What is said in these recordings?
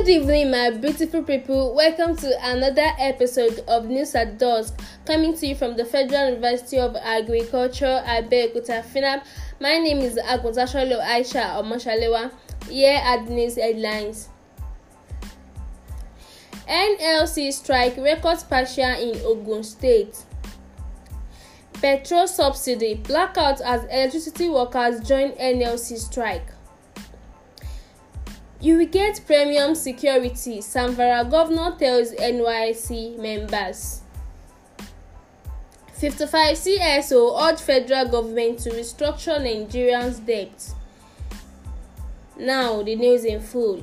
Good evening, my beautiful people. Welcome to another episode of News at Dusk, coming to you from the Federal University of Agriculture, Abeokuta, FINAB. My name is Aguntasholo Aisha Omoshalewa. Here at news headlines. NLC strike records partial in Ogun State. Petrol subsidy blackout as electricity workers join NLC strike. You will get premium security, Samvara governor tells NYC members. Fifty-five CSO urge federal government to restructure Nigerians' debt. Now, the news in full.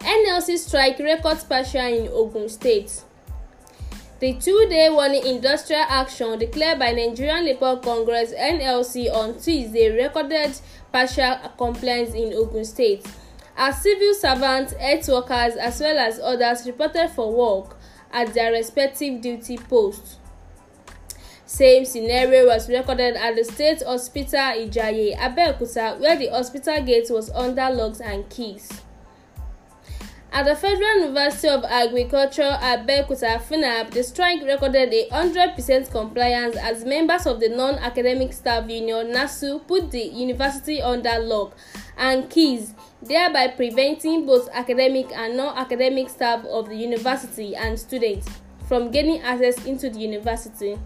NLC strike records partial in Ogun State. The two-day warning industrial action declared by Nigerian Labour Congress NLC on Tuesday recorded partial compliance in Ogun State as civil servants health workers as well as others reported for work at their respective duty posts. Same scenario was recorded at the state hospital Ijaye, Abeokuta, where the hospital gate was under locks and keys. At the Federal University of Agriculture, Abeokuta, FUNAB, the strike recorded a hundred percent compliance as members of the non academic staff union, NASU, put the university under lock and keys thereby preventing both academic and non-academic staff of the university and students from gaining access into the university.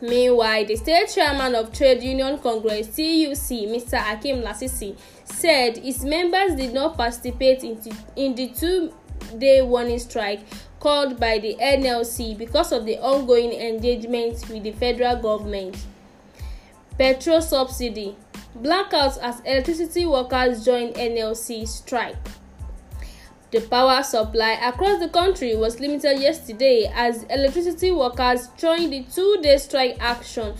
Meanwhile, the state chairman of Trade Union Congress TUC, Mr. Akim Lasisi, said its members did not participate in, t- in the two-day warning strike called by the NLC because of the ongoing engagement with the federal government. Petrol subsidy Blackouts as electricity workers join NLC strike. The power supply across the country was limited yesterday as electricity workers joined the two day strike action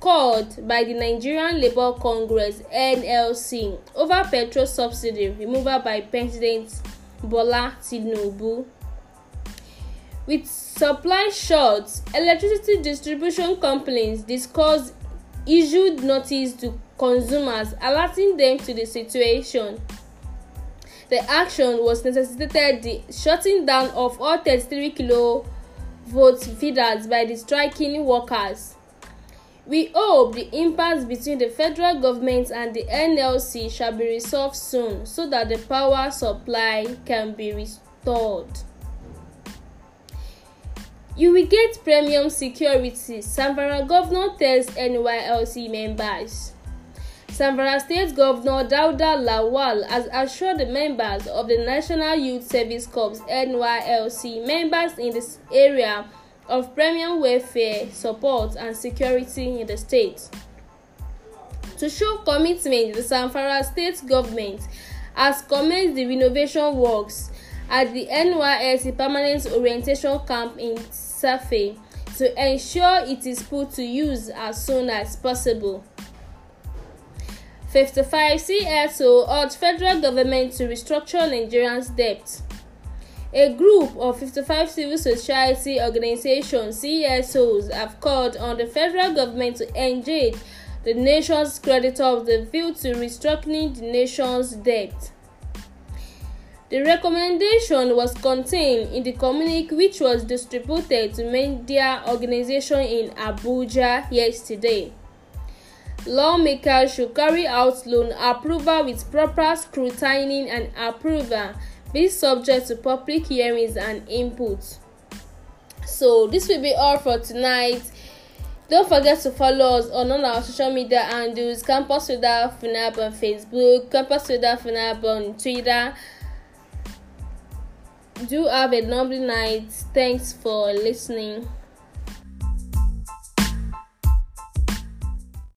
called by the Nigerian Labour Congress NLC over petrol subsidy removal by President Bola Tinubu. With supply shorts, electricity distribution companies discussed issued notice to consumers, alerting them to the situation. The action was necessitated the shutting down of all 33 kilovolt feeders by the striking workers. We hope the impasse between the federal government and the NLC shall be resolved soon so that the power supply can be restored. You will get premium security, Sanfara governor tells NYLC members. Zamfara State Governor Dauda Lawal has assured the members of the National Youth Service Corps NYLC members in this area of premium welfare support and security in the state. To show commitment, the Zamfara State Government has commenced the renovation works at the NYLC Permanent Orientation Camp in Safe to ensure it is put to use as soon as possible. 55 CSO urged federal government to restructure Nigerians' debt. A group of 55 civil society organizations CSOs have called on the federal government to engage the nation's creditors with a view to restructuring the nation's debt. The recommendation was contained in the communique which was distributed to media organizations in Abuja yesterday. Lawmakers should carry out loan approval with proper scrutiny and approval be subject to public hearings and input. So this will be all for tonight. Don't forget to follow us on all our social media handles Campus Radar Funab on Facebook, Campus Radar Funab on Twitter. Do have a lovely night. Thanks for listening.